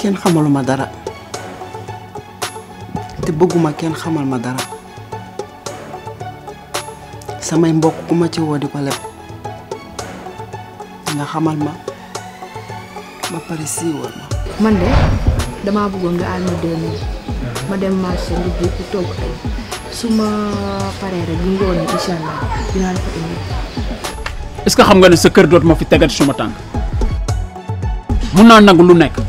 kenn ma dara te bëgguma kenn xamal ma dara samay mbokk ku ma ci woo ko leb nga xamal ma ba pare siiwal ma. man de damaa bëggoon nga àll ma deux ma dem marché su ma paree rek bu ngoon incha allah dinaa la ko indi. est-ce que xam nga ne sa kër doot ma fi tegat suma tànk mun naa nangu lu nekk.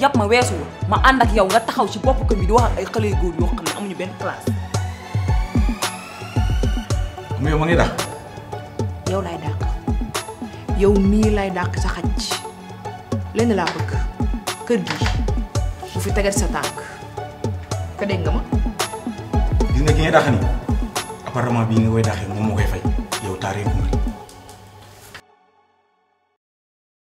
yap ma wessu ma ànd ak yow nga taxaw ci bop ko mi do wax ay xale goor yo yoo amuñu ben place. mais yow ma ngi dàq. yow lay dàq yow mii lay dàq sa xajj len la bëgg kër gi bu fi tegal sa tank ka deeng nga ma. gis nga ki nga dàq ni apparemment bi nga way dàqee mo mo koy fay yow taré ko